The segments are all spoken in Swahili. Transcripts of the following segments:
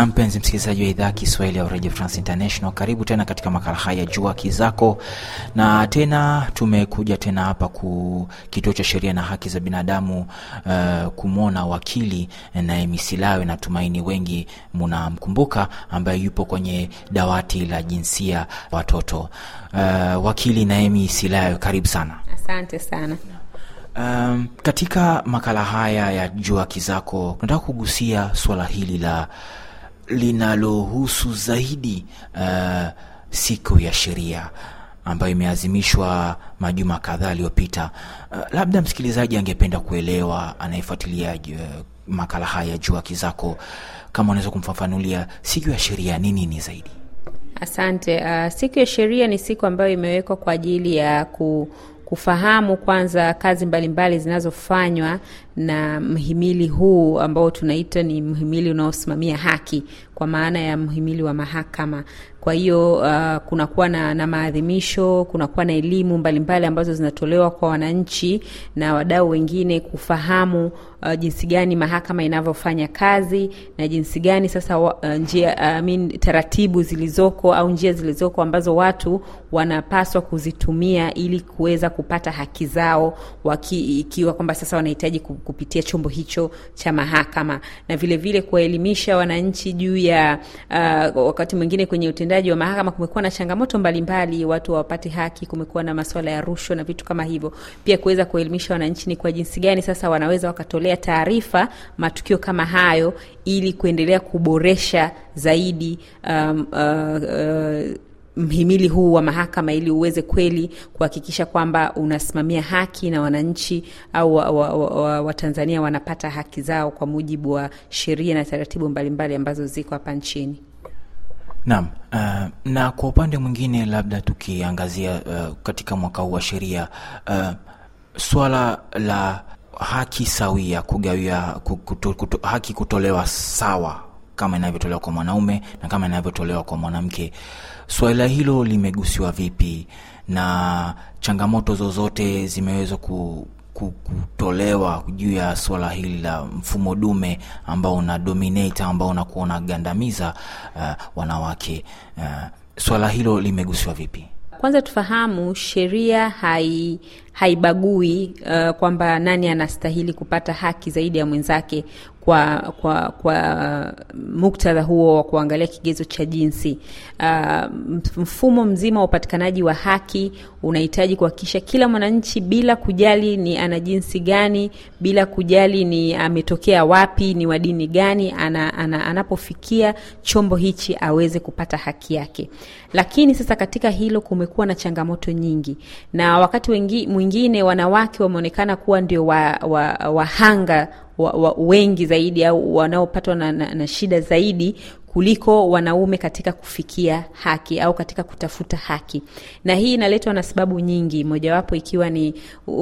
Na mpenzi msikilizaji wa idhaa ya Kiswahili ya Radio France International, karibu tena katika makala haya Jua Haki Zako, na tena tumekuja tena hapa ku kituo cha sheria na haki za binadamu uh, kumwona wakili naye Misilawe. Natumaini wengi mnamkumbuka ambaye yupo kwenye dawati la jinsia watoto. Uh, wakili Naemi Silayo, karibu sana. Asante sana. Um, katika makala haya ya Jua kizako tunataka kugusia suala hili la linalohusu zaidi uh, siku ya sheria ambayo imeazimishwa majuma kadhaa aliyopita. Uh, labda msikilizaji angependa kuelewa, anayefuatilia uh, makala haya juu aki zako, kama unaweza kumfafanulia siku ya sheria ni nini zaidi? Asante. Uh, siku ya sheria ni siku ambayo imewekwa kwa ajili ya ku kufahamu kwanza kazi mbalimbali zinazofanywa na mhimili huu ambao tunaita ni mhimili unaosimamia haki kwa maana ya mhimili wa mahakama. Kwa hiyo uh, kunakuwa na, na maadhimisho, kunakuwa na elimu mbalimbali ambazo zinatolewa kwa wananchi na wadau wengine kufahamu uh, jinsi gani mahakama inavyofanya kazi na jinsi gani sasa uh, njia, uh, min, taratibu zilizoko au njia zilizoko ambazo watu wanapaswa kuzitumia ili kuweza kupata haki zao waki, ikiwa kwamba sasa wanahitaji kupitia chombo hicho cha mahakama na vilevile kuwaelimisha wananchi juu ya pia uh, wakati mwingine kwenye utendaji wa mahakama kumekuwa na changamoto mbalimbali mbali, watu hawapati haki, kumekuwa na masuala ya rushwa na vitu kama hivyo. Pia kuweza kuelimisha wananchi ni kwa jinsi gani sasa wanaweza wakatolea taarifa matukio kama hayo ili kuendelea kuboresha zaidi um, uh, uh, mhimili huu wa mahakama ili uweze kweli kuhakikisha kwamba unasimamia haki na wananchi au Watanzania wa, wa, wa wanapata haki zao kwa mujibu wa sheria na taratibu mbalimbali ambazo ziko hapa nchini. Naam. Uh, na kwa upande mwingine labda tukiangazia uh, katika mwaka huu wa sheria uh, swala la haki sawia kugawia kutu, kutu, haki kutolewa sawa kama inavyotolewa kwa mwanaume na kama inavyotolewa kwa mwanamke. swala hilo limegusiwa vipi na changamoto zozote zimeweza ku kutolewa juu ya swala hili la mfumo dume ambao una dominate ambao unakuwa unagandamiza uh, wanawake uh, swala hilo limegusiwa vipi? Kwanza tufahamu sheria hai haibagui uh, kwamba nani anastahili kupata haki zaidi ya mwenzake kwa kwa kwa muktadha huo wa kuangalia kigezo cha jinsi. Uh, mfumo mzima wa upatikanaji wa haki unahitaji kuhakikisha kila mwananchi, bila kujali ni ana jinsi gani, bila kujali ni ametokea wapi, ni wa dini gani, ana, ana, anapofikia chombo hichi aweze kupata haki yake. Lakini sasa katika hilo kumekuwa na changamoto nyingi, na wakati wengi mwingine wanawake wameonekana kuwa ndio wahanga wa, wa, wa wengi zaidi au wanaopatwa na, na, na shida zaidi kuliko wanaume katika kufikia haki au katika kutafuta haki, na hii inaletwa na sababu nyingi, mojawapo ikiwa ni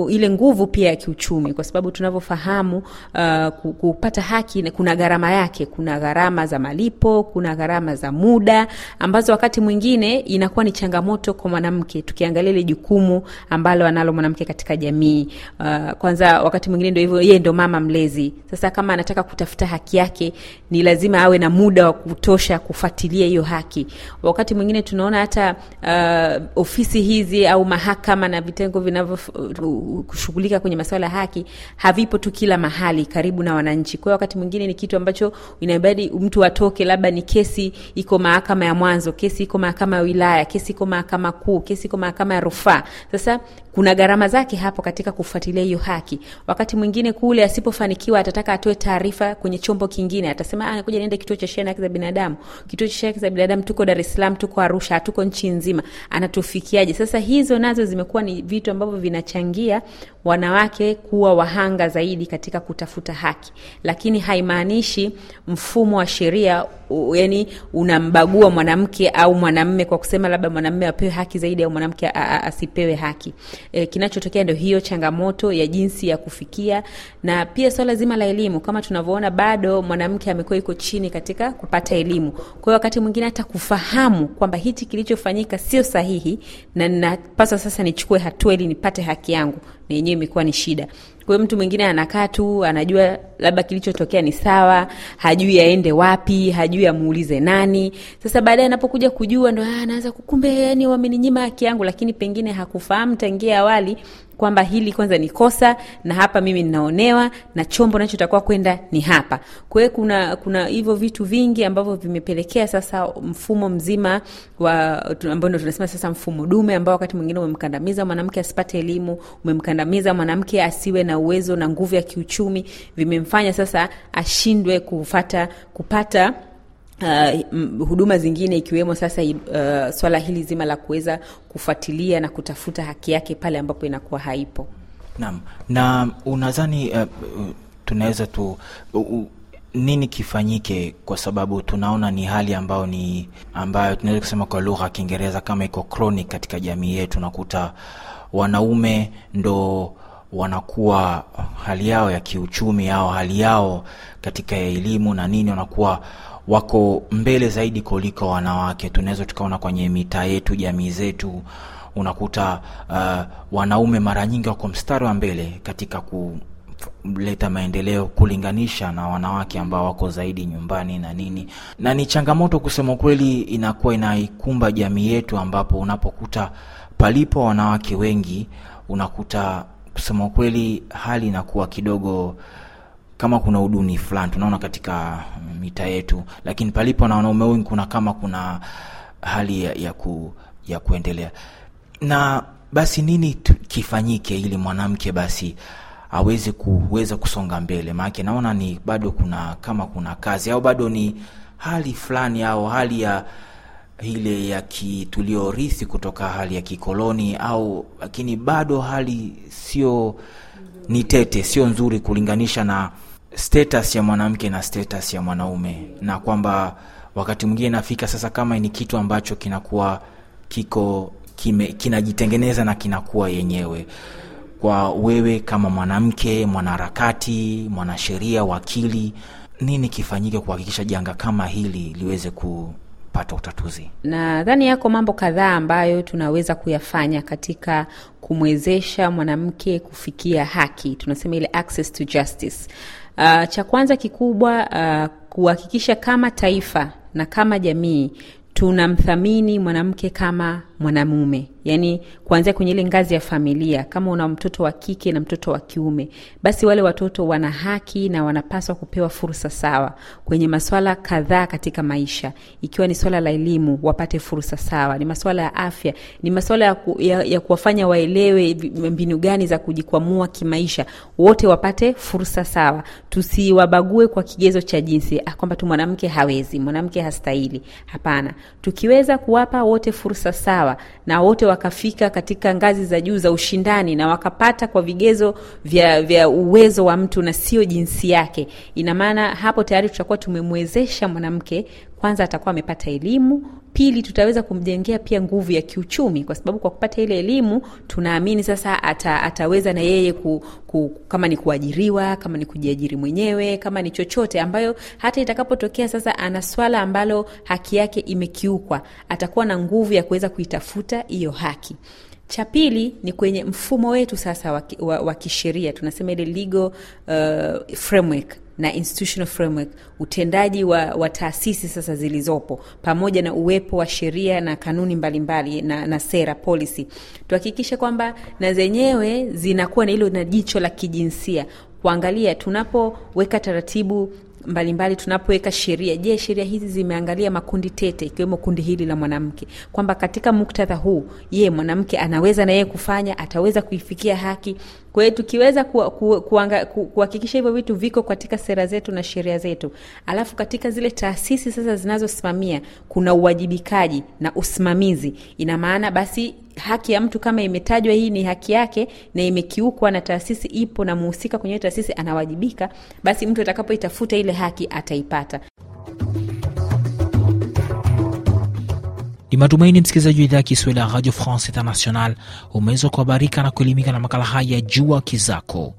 ile nguvu pia ya kiuchumi, kwa sababu tunavyofahamu uh, kupata haki kuna gharama yake, kuna gharama za malipo, kuna gharama za muda ambazo wakati mwingine inakuwa ni changamoto kwa mwanamke, tukiangalia ile jukumu ambalo analo mwanamke katika jamii. Uh, kwanza wakati mwingine ndio hivyo, yeye ndo mama mlezi. Sasa kama anataka kutafuta haki yake, ni lazima awe na muda wa kutosha kufuatilia hiyo haki. Wakati mwingine tunaona hata uh, ofisi hizi au mahakama na vitengo vinavyoshughulika uh, kwenye masuala ya haki havipo tu kila mahali karibu na wananchi. Kwa hiyo wakati mwingine ni kitu ambacho inabidi mtu atoke, labda ni kesi iko mahakama ya mwanzo, kesi iko mahakama ya wilaya, kesi iko mahakama kuu, kesi iko mahakama ya rufaa. Sasa kuna gharama zake hapo katika kufuatilia hiyo haki. Wakati mwingine kule asipofanikiwa, atataka atoe taarifa kwenye chombo kingine, atasema ah, niende kituo cha sheria na haki za binadamu binadamu, kituo cha haki za binadamu tuko Dar es Salaam, tuko Arusha, hatuko nchi nzima, anatufikiaje? Sasa hizo nazo zimekuwa ni vitu ambavyo vinachangia wanawake kuwa wahanga zaidi katika kutafuta haki, lakini haimaanishi mfumo wa sheria yani unambagua mwanamke au mwanamme kwa kusema labda mwanamme apewe haki zaidi au mwanamke asipewe haki. E, kinachotokea ndio hiyo changamoto ya jinsi ya kufikia, na pia swala zima la elimu, kama tunavyoona bado mwanamke amekuwa iko chini katika kupata elimu. Kwa hiyo wakati mwingine hata kufahamu kwamba hichi kilichofanyika sio sahihi na ninapaswa sasa nichukue hatua ili nipate haki yangu, yenyewe imekuwa ni shida. Kwa mtu mwingine anakaa tu, anajua labda kilichotokea ni sawa, hajui aende wapi, hajui amuulize nani. Sasa baadaye anapokuja kujua ndo anaanza ah, kukumbe, yani wameninyima haki yangu, lakini pengine hakufahamu tangia awali kwamba hili kwanza ni kosa na hapa mimi ninaonewa na chombo nachotakiwa kwenda ni hapa. Kwa hiyo kuna kuna hivyo vitu vingi ambavyo vimepelekea sasa mfumo mzima wa ambao ndo tunasema sasa mfumo dume ambao wakati mwingine umemkandamiza mwanamke asipate elimu, umemkandamiza kumkandamiza mwanamke asiwe na uwezo na nguvu ya kiuchumi, vimemfanya sasa ashindwe kufata kupata Uh, huduma zingine ikiwemo sasa uh, swala hili zima la kuweza kufuatilia na kutafuta haki yake pale ambapo inakuwa haipo. Naam. Na unadhani uh, uh tunaweza tu uh, uh, nini kifanyike? Kwa sababu tunaona ni hali ambayo ni ambayo tunaweza kusema kwa lugha ya Kiingereza kama iko chronic katika jamii yetu, nakuta wanaume ndo wanakuwa hali yao ya kiuchumi au hali yao katika elimu na nini, wanakuwa wako mbele zaidi kuliko wanawake. Tunaweza tukaona kwenye mitaa yetu, jamii zetu, unakuta uh, wanaume mara nyingi wako mstari wa mbele katika kuleta maendeleo kulinganisha na wanawake ambao wako zaidi nyumbani na nini, na ni changamoto kusema kweli, inakuwa inaikumba jamii yetu, ambapo unapokuta palipo wanawake wengi unakuta kusema kweli hali inakuwa kidogo kama kuna uduni fulani tunaona katika mita yetu, lakini palipo na wanaume wengi kuna kama kuna hali ya, ya, ku, ya kuendelea na basi nini kifanyike ili mwanamke basi aweze kuweza kusonga mbele? Maanake naona ni bado kuna kama kuna kazi au bado ni hali fulani au hali ya ile ya tuliorithi kutoka hali ya kikoloni au, lakini bado hali sio ni tete, sio nzuri kulinganisha na status ya mwanamke na status ya mwanaume, na kwamba wakati mwingine inafika sasa, kama ni kitu ambacho kinakuwa kiko kime, kinajitengeneza na kinakuwa yenyewe kwa wewe kama mwanamke, mwanaharakati, mwanasheria, wakili, nini kifanyike kuhakikisha janga kama hili liweze ku kupata utatuzi. Nadhani yako mambo kadhaa ambayo tunaweza kuyafanya katika kumwezesha mwanamke kufikia haki, tunasema ile access to justice. Uh, cha kwanza kikubwa, uh, kuhakikisha kama taifa na kama jamii tunamthamini mwanamke kama mwanamume yani kuanzia kwenye ile ngazi ya familia. Kama una mtoto wa kike na mtoto wa kiume, basi wale watoto wana haki na wanapaswa kupewa fursa sawa kwenye maswala kadhaa katika maisha, ikiwa ni swala la elimu wapate fursa sawa, ni maswala ya afya, ni maswala ya, ku, ya, ya kuwafanya waelewe mbinu gani za kujikwamua kimaisha, wote wapate fursa sawa. Tusiwabague kwa kigezo cha jinsi, ah, kwamba tu mwanamke hawezi, mwanamke hastahili. Hapana, tukiweza kuwapa wote fursa sawa na wote wa wakafika katika ngazi za juu za ushindani na wakapata kwa vigezo vya, vya uwezo wa mtu na sio jinsi yake, ina maana hapo tayari tutakuwa tumemwezesha mwanamke. Kwanza atakuwa amepata elimu, Pili, tutaweza kumjengea pia nguvu ya kiuchumi, kwa sababu kwa kupata ile elimu tunaamini sasa ata, ataweza na yeye ku, ku, kama ni kuajiriwa, kama ni kujiajiri mwenyewe, kama ni chochote, ambayo hata itakapotokea sasa ana swala ambalo haki yake imekiukwa, atakuwa na nguvu ya kuweza kuitafuta hiyo haki. Cha pili ni kwenye mfumo wetu sasa wa kisheria, tunasema ile legal uh, framework na institutional framework, utendaji wa, wa taasisi sasa zilizopo, pamoja na uwepo wa sheria na kanuni mbalimbali mbali, na, na sera policy, tuhakikishe kwamba na zenyewe zinakuwa na hilo na jicho la kijinsia kuangalia tunapoweka taratibu mbalimbali tunapoweka sheria, je, sheria hizi zimeangalia makundi tete, ikiwemo kundi hili la mwanamke, kwamba katika muktadha huu, ye mwanamke anaweza na yeye kufanya, ataweza kuifikia haki? Kwa hiyo tukiweza kuhakikisha ku, ku, hivyo vitu viko katika sera zetu na sheria zetu, alafu katika zile taasisi sasa zinazosimamia kuna uwajibikaji na usimamizi, ina maana basi haki ya mtu kama imetajwa, hii ni haki yake na imekiukwa, na taasisi ipo na muhusika kwenye taasisi anawajibika, basi mtu atakapoitafuta ile haki ataipata. Ni matumaini msikilizaji wa idhaa ya Kiswahili ya Radio France International umeweza kuhabarika na kuelimika na makala haya Jua Kizako.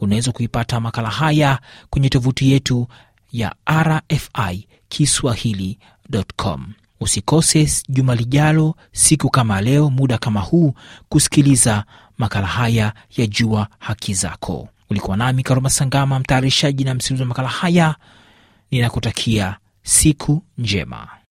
Unaweza kuipata makala haya kwenye tovuti yetu ya RFI kiswahili.com. Usikose juma lijalo, siku kama leo, muda kama huu, kusikiliza makala haya ya Jua Haki Zako. Ulikuwa nami Karoma Sangama, mtayarishaji na msimulizi wa makala haya. Ninakutakia siku njema.